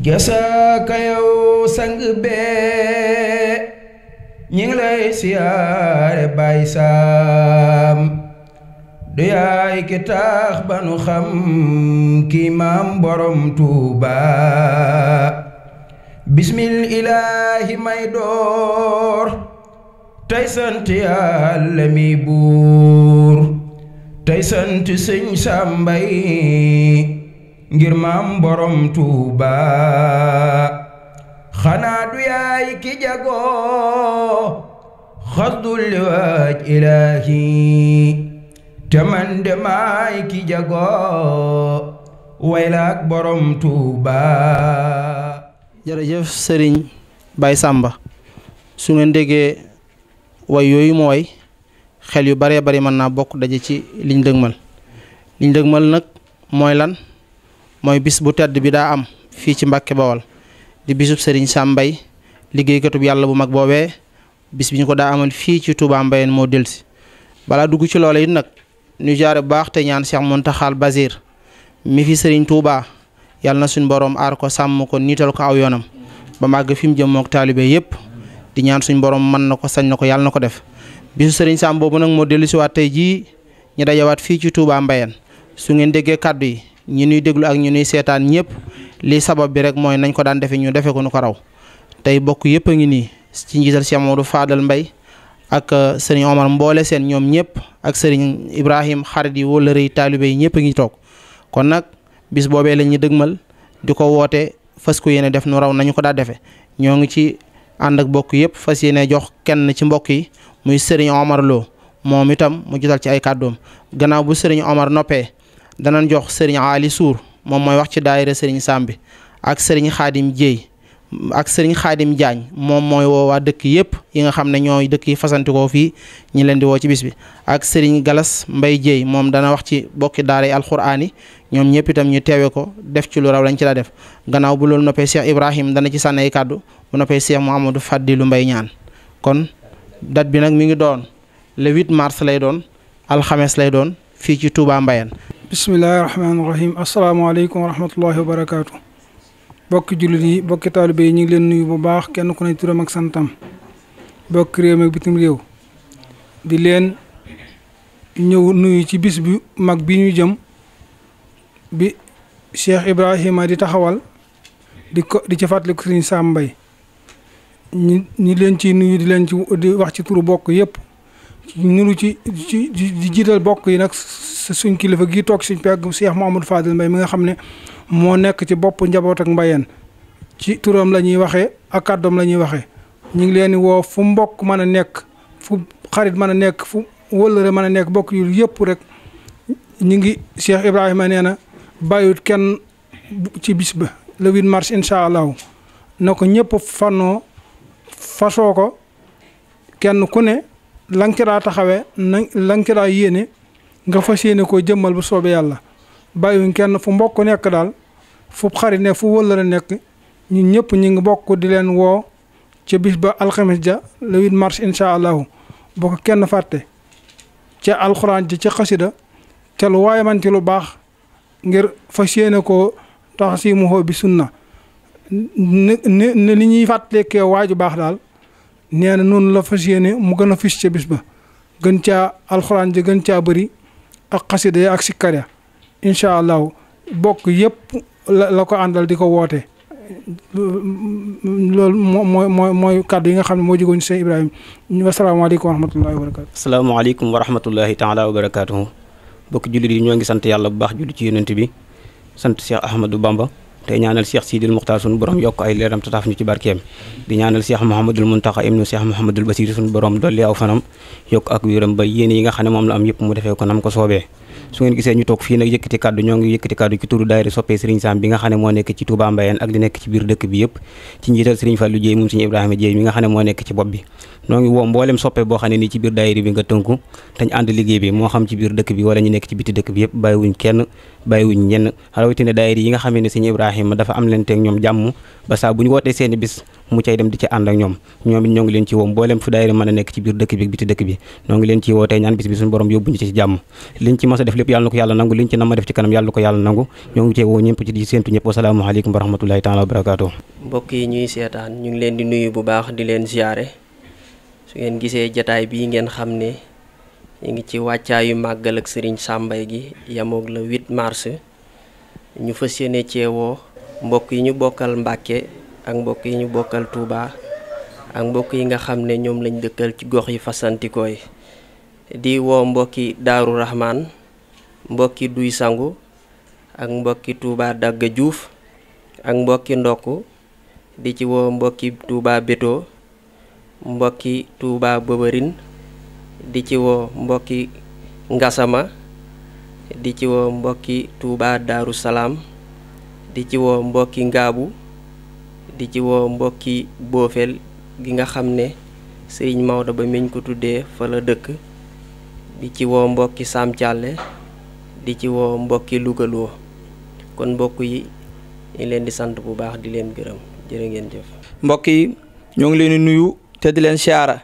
jasaaka yow sang bee ñi ngi lay siyaare bay saam du yaay ki tax ba nu xam ki borom tuuba bismil ilaahi may door tey sant yàlla mi buur tey sant sëñ sàmbay ngir maam borom tuuba xanaa du yaay ki jagoo xasdul liwaaj ilaahi te man de maay ki jagoo waylaak borom tuuba jërëjëf sëriñ Baye sàmba su ngeen déggee way yooyu mu way xel yu baree bari mën naa bokk daje ci liñ dëgmal liñ dëgmal nag mooy lan mooy bis bu tedd bi daa am fii ci Mbàkke Bawol di bisub Serigne Sam liggéey liggéeykatub yàlla bu mag boobee bis bi ñu ko daa amal fii ci Touba Mbayeen moo delsi balaa dugg ci loola it nag ñu jaare bu baax te ñaan Cheikh xaal Basir mi fi Serigne Touba yàlla na suñ borom aar ko sàmm ko niital ko aw yoonam ba màgg fi mu jëm mook taalibe yépp di ñaan suñ borom mën na ko sañ na ko yàlla na ko def bisu sëriñ Sam boobu nag moo dellusiwaat tey jii ñu dajawaat fii ci Touba Mbayeen ñu nuy déglu ak ñu nuy seetaan ñëpp li sabab bi rek mooy nañ ko daan defe ñu defe ko nu ko raw tey bokk yëpp a ngi nii ci njiital Cheikh Amadou Fadal Mbaye ak euh, sëriñ Omar mboole seen ñoom ñëpp ak sëriñ Ibrahim xarit yi wala rëy taalibe yi ñëpp a ngi toog kon nag bis boobee la ñu dëgmal di ko woote fës ko yéene def nu raw nañu ko daa defe ñoo ngi ci ànd ak bokk yëpp fës yéene jox kenn ci mbokk yi muy sëriñ Omar Lo moom itam mu jotal ci ay kàddoom gannaaw bu sëriñ Omar noppee danañ jox sëriñ Ali Suur moom mooy wax ci daayira sëriñ Sambi ak sëriñ Xaadim Jéey ak sëriñ Xaadim Jaañ moom mooy woo dëkk yëpp yi nga xam ne ñooy dëkk yi fasantikoo fii ñi leen di woo ci bis bi ak sëriñ Galas Mbay Jéey moom dana wax ci bokki daara yi alxuraan yi ñoom ñëpp itam ñu teewe ko def ci lu raw lañ ci la def gannaaw bu loolu noppee Cheikh Ibrahim dana ci sànni ay kàddu bu noppee Cheikh Mouhamadou Fadilu Mbay ñaan kon date bi nag mi ngi doon le 8 mars lay doon alxames lay doon fii ci Touba Mbayeen bisimillahi rahmaanirahim asalaamaaleykum wa rahmatullahi wa barakaatu bokki jullit yi bokki taalibe yi ñu ngi leen nuyu bu baax kenn ku ne turam ak santam bokk réew mi ak bitim réew di leen ñëw nuyu ci bis bi mag bi ñu jëm bi Cheikh Ibrahima di taxawal di ko di ci fàttaliku Sëriñ Sam Mbaye ñi ñi leen ci nuyu di leen ci wax ci turu bokk yëpp nuru ci ci di jiital bokk yi nag suñ kilifa gii toog suñ pegg Cheikh Mouhamadou Fadil Mbaye mi nga xam ne moo nekk ci bopp njaboot ak mbayeen ci turam la ñuy waxee ak kaddoom la ñuy waxee ñu ngi leen di woo fu mbokk mën a nekk fu xarit mën a nekk fu wëllëre mën a nekk bokk yu yëpp rek ñu ngi Cheikh Ibrahima nee na bàyyiwut kenn ci bis ba le 8 mars incha allahu na ko ñëpp fannoo fasoo ko kenn ku ne la nga ci daa taxawee na la yéene nga fas yéene ko jëmmal bu soobee yàlla bàyyiwuñ kenn fu mbokk nekk daal fu xarit ne fu wëllëra nekk ñu ñëpp ñu ngi bokk di leen woo ca bis ba alxames ja le 8 mars incha allahu bu ko kenn fàtte ca alxuraan ji ca xasida te lu waaye man lu baax ngir fas yéene ko tax si muhoo bi sunna ne li ñuy fàttalekee waaju baax daal neena noonu la fas yéene mu gën a fis ca bis ba gën ca alxuraan ja gën caa bëri ak xasida ya ak sikkar ya incha allahu bokk yëpp la la ko àndal di ko woote loolu moo mooy mooy kàddu yi nga xam ne moo jógoon sëñ Ibrahima wasalaamaaleykum wa rahmatullahi wa barakatu asalaamaaleykum wa rahmatullahi taala wa barakatuhu bokk jullit yi ñoo ngi sant yàlla bu baax julli ci yonent bi sant Cheikh Ahmadou Bamba te ñaanal Cheikh Sidil Muxtaar sunu borom yokk ay leeram tataaf ñu ci barkeem di ñaanal Cheikh Mouhamadul Muntaxa ibnu Cheikh Mouhamadul Basir sunu borom dolli aw fanam yokk ak wéram ba yéen yi nga xam ne moom la am yëpp mu defee ko nam ko soobee su ngeen gisee ñu toog fii nag yëkkati kàddu ñoo ngi yëkkati kàddu ci turu daayira soppee Sëriñ Sam bi nga xam ne moo nekk ci Touba Mbayeen ak li nekk ci biir dëkk bi yëpp ci njiital Sëriñ nga xam ne moo nekk ci noo ngi woo mboolem soppe boo xam ne nii ci biir daayira bi nga tënku tañ ànd liggéey bi moo xam ci biir dëkk bi wala ñu nekk ci biti dëkk bi yëpp bàyyiwuñ kenn bàyyiwuñ ñenn rawatina daayira yi nga xamee ne sëñ Ibrahima dafa am leen teeg ñoom jàmm ba ñu wootee seeni bis mu cay dem di ci ànd ak ñoom ñoom ci woo mboolem fu daayira mën a nekk wa rahmatullahi mbokk yi ñuy seetaan ñu ngi leen di nuyu bu baax di leen su ngeen gisee jataay bii ngeen xam ne ñu ngi ci wàccaayu màggal ak sëriñ Sàmbay gi yamoog la 8 mars ñu fas yéene ceewoo mbokk yi ñu bokkal Mbàkke ak mbokk yi ñu bokkal Touba ak mbokk yi nga xam ne ñoom lañ dëkkal ci gox yi fasantikooy di woo mbokki Daaru Rahman mbokki Duy Sangu ak mbokki tuuba Dagga Juuf ak mbokki Ndokk di ci woo mbokki Touba Béto mbokki Touba Bobarin di ci woo mbokki Ngasama di ci woo mbokki Touba Daaru Salaam di ci woo mbokki Ngaabu di ci woo mbokki Boofel gi nga xam ne Sëriñ Maodo ba miñ ko tuddee fa la dëkk di ci woo mbokki Sam di ci woo mbokki Lougaloo kon mbokk yi ñu leen di sant bu baax di leen gërëm jërë ngeen jëf te di leen siyaara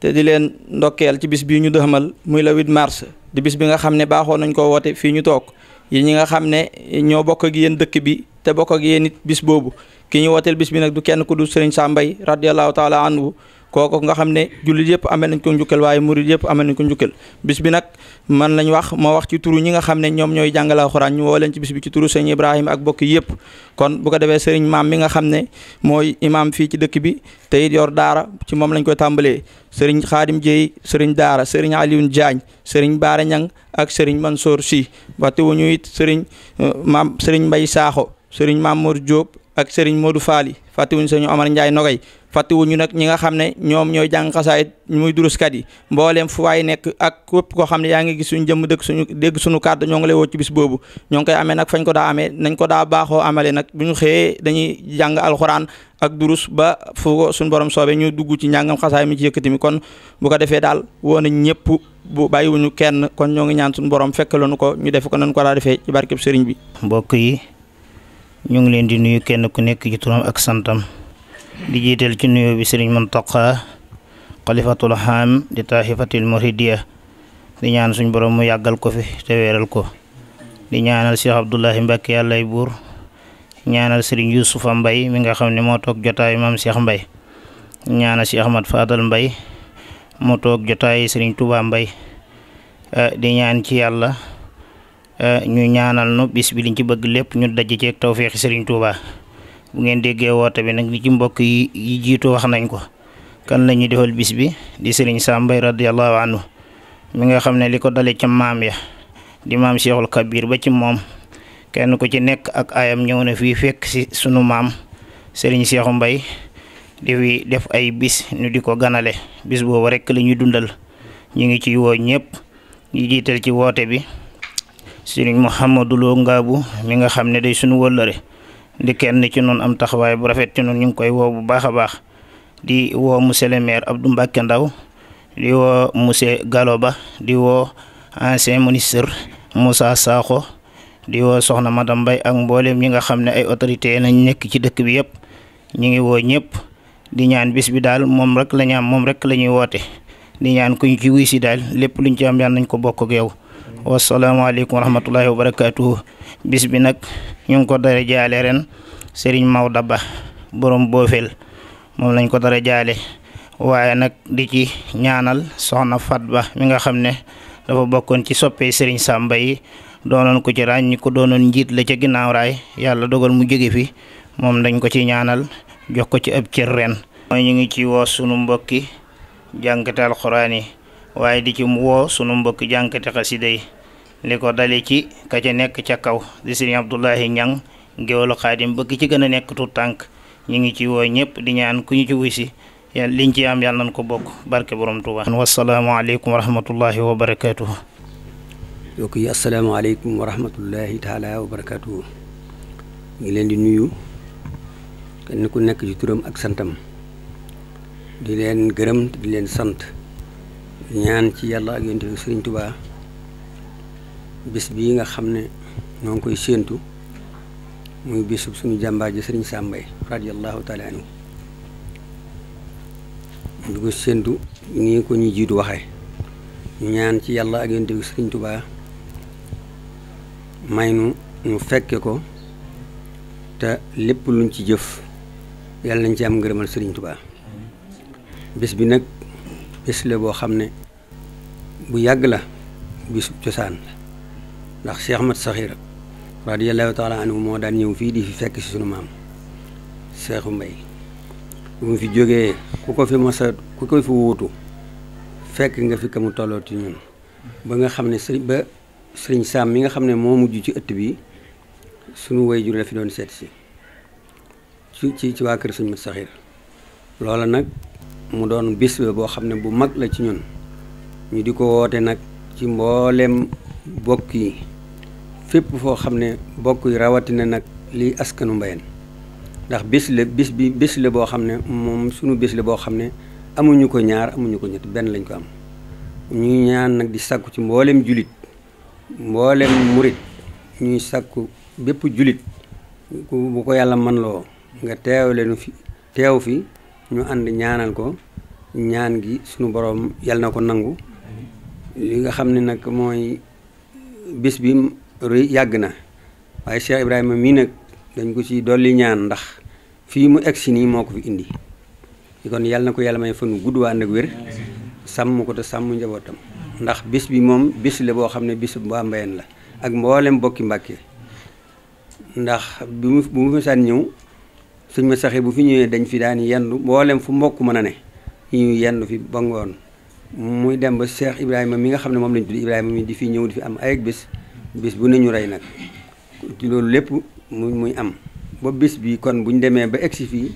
te di leen ndokkeel ci bis bii ñu dëxmal muy le 8 mars di bis bi nga xam ne baaxoo nañ ko wootee fii ñu toog yi ñi nga xam ne ñoo bokk ak yéen dëkk bi te bokk ak yéen it bis boobu ki ñu wooteel bis bi nag du kenn ku du Serigne Sam Mbaye radiallahu taala anhu kooku nga xam ne jullit yëpp amee nañ ko njukkal waaye murit yëpp amee nañ ko njukkal bis bi nag man lañ wax ma wax ci turu ñi nga xam ne ñoom ñooy jàngale alxuraan ñu woo leen ci bis bi ci turu sëñ Ibrahima ak bokk yëpp kon bu ko defee sëriñ maam mi nga xam ne mooy imaam fii ci dëkk bi te yor daara ci moom lañ koy tàmbalee sëriñ Xaadim Jéy sëriñ daara sëriñ Alioune Diagne sëriñ Baara Ñang ak sëriñ Mansour Si waxte wu it sëriñ uh, maam sëriñ Mbay Saaxo sëriñ Mamour Diop ak sëriñ Modou Faali fàttewuñu sëriñ Omar Ndiaye Nogay fàttewuñu nag ñi nga xam ne ñoom ñooy jàng xasaayit muy duruskat yi mbooleem fu waay nekk ak képp koo xam ne yaa ngi gis suñu jëmm dëkk suñu dégg suñu kàddu ñoo ngi lay woo ci boobu ñoo ngi koy amee nag fañ ko daa amee nañ ko daa baaxoo amale nag bu ñu xëyee dañuy jàng alxuraan ak durus ba fu suñu borom soobee ñu dugg ci njàngam mi ci yëkkati mi kon bu ko defee daal woo nañ ñëpp bu bàyyiwuñu kenn kon ñoo ngi ñaan suñu borom fekk lanu ko def ko nañ ko daa defee ci barkeb sëriñ bi mbokk yi ñoo ngi leen di nuyu kenn ku nekk ci turam ak santam di jiital ci nuyoo bi sëriñ Muntaqa xalifatul xaam di taaxifatil muridiya di ñaan suñ borom mu yàggal ko fi te weeral ko di ñaanal Cheikh Abdoulahi Mbacke yàllay buur ñaanal sëriñ Youssoufa mbay mi nga xam ne moo toog jotaayu maam Cheikh Mbaye ñaanal Cheikh Ahmad Fadal mbay moo toog jotaayu sëriñ Touba mbay eh, di ñaan ci yàlla eh, ñu ñaanal nu bis bi liñ ci bëgg lépp ñu daj ceeg tawféexi sëriñ Touba bu ngeen déggee woote bi nag ni ci mbokk yi yi jiitu wax nañ ko kan la ñuy defal bis bi di sëriñ Sam Mbaye radiallahu anhu mi nga xam ne li ko dale ca maam ya di maam Cheikhul Kabir ba ci moom kenn ku ci nekk ak ayam ñëw ne fii fekk ci sunu maam sëriñ Cheikhu mbay di def ay bis ñu di ko ganale bis boobu rekk lañuy dundal ñu ngi ci woo ñëpp ñu jiital ci woote bi sëriñ Mouhamadou Lo Ngaabu mi nga xam ne day sunu wëllëre di kenn ci noonu am taxawaay bu rafet ci noonu ñu ngi koy woo bu baax a baax di woo monsieur le ab Abdou Mbacké Ndaw di woo monsieur galo Ba di woo ancien ministre Moussa Sakho di woo soxna madame mbay ak mbooleem ñi nga xam ne ay autorité nañ nekk ci dëkk bi yëpp ñu ngi woo ñëpp di ñaan bis bi daal moom rek la am moom rek la ñuy woote di ñaan ku ñu ci wuy si daal lépp lu luñ ci am yaan nañ ko bokk ak yow wasalaamaaleykum wa rahmatullahi wa bis bi nag ñu ngi ko dara jaale ren sëriñ Maodo Ba borom boofel moom lañ ko dara jaale waaye nag di ci ñaanal soxna Fat Ba mi nga xam ne dafa bokkoon ci soppee sëriñ Samba yi doonoon ko ci ràññ ko doonoon njiit la ca ginnaaw raay yàlla dogal mu jóge fi moom dañ ko ci ñaanal jox ko ci ab cër ren. mooy ñu ngi ci woo sunu mbokki jànkate alxuraan yi waaye di ci woo sunu mbokki jànkate xasida yi li ko dali ci ka ca nekk ca kaw di sëriñ Abdoulahi Ñang géwalu xaadim ba ci gën a nekk tu tànk ñu ngi ci woo ñëpp di ñaan ku ñu ci wuy si liñ ci am yàlla nañ ko bokk barke borom Tuuba wasalaamaaleykum wa rahmatullahi wa barakatuhu yokk yi asalaamaaleykum wa ngi leen di nuyu kenn ku nekk ci turam ak santam di leen gërëm di leen sant ñaan ci yàlla ak yonent bi Sëriñ Tuuba bis bii nga xam ne ñoo ngi koy séentu muy bisub suñu jàmbaar ji sëriñ Sam Mbaye radiallahu taala anhu du ko séentu nii ko ñu jiitu waxe ñaan ci yàlla ak yonent bi sëriñ Tuubaa may nu ñu fekke ko te lépp luñ ci jëf yàlla nañ ci am ngërëmal sëriñ tubaa bis bi nag bis la boo xam ne bu yàgg la bisu cosaan ndax Cheikh Ahmad Saxir radiyallahu taala anhu moo daan ñëw fii di fi fekk si sunu maam seexu Mbay bu mu fi jógee ku ko fi masa ku ko fi wuutu fekk nga fi ka mu tolloo ci ñun ba nga xam ne sëriñ ba sëriñ Saam mi nga xam ne moo mujj ci ëtt bi sunu wayjur jur fi doon seet si ci ci ci waa kër sëñ Mat Saxir loola nag mu doon bis la boo xam ne bu mag la ci ñun ñu di ko woote nag ci mboolem bokk yi fépp foo xam ne bokk yi rawatina nag lii askanu mbayeen ndax bis la bis bi bis la boo xam ne moom sunu bés la boo xam ne amuñu ko ñaar amuñu ko ñett benn lañ ko am ñuy ñaan nag di sàkku ci mbooleem julit mboolem murit ñuy sàkku bépp julit bu ko yàlla man loo nga teew leenu fi teew fi ñu ànd ñaanal ko ñaan gi sunu boroom yàlla na ko nangu li nga xam ne nag mooy bis bi rëy yàgg na waaye Cheikh Ibrahima mii nag dañ ko ci dolli ñaan ndax fii mu egsi nii moo ko fi indi kon yàlla na ko yàlla may fanu gudd waa nag wér sàmm ko te sàmm njabootam ndax bis bi moom bis la boo xam ne bis bu waa la ak mboolem bokki Mbàkke ndax bu mu bu mu fi ñëw suñ ma saxee bu fi ñëwee dañ fi daan yendu mboolem fu mbokk mën a ne ñu yendu fi ba ngoon muy dem ba Cheikh Ibrahima mi nga xam ne moom lañ tudd Ibrahima mi di fi ñëw di fi am ay bis bis bu ne ñu rey nag loolu lépp mu muy am ba bis bi kon bu ñu demee ba egsi fii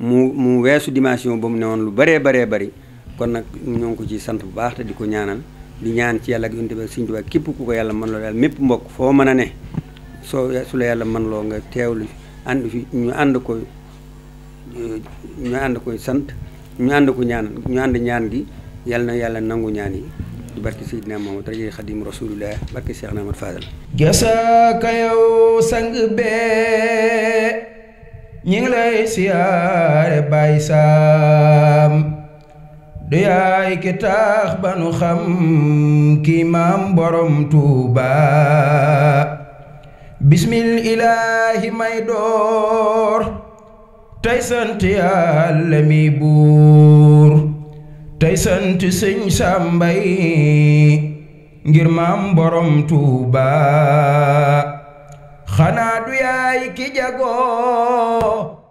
mu mu weesu dimension ba mu newoon lu baree baree bari kon nag ñoo ngi ko ci sant bu baax te di ko ñaanal di ñaan ci yàlla ak yonent bi képp ku yàlla mën loo mépp mbokk foo mën a ne soo su yàlla mën loo nga teewlu ànd fi ñu ànd ko ànd ko sant ñu ànd ko ñaan ñu ànd ñaan gi yàlla na yàlla nangu ñaan yi di barke Seydina Mohamad rajo Xadim Rasulullah barke Cheikh Ahmad sang bee ñi siyaare Baay Saam du yaay ki tax ba nu xam ki borom Tuuba bismil ilaahi may door tey sant Yàlla mi buur tey sant sëñ Sàmbay ngir maam borom Tuuba xanaa du ki jagoo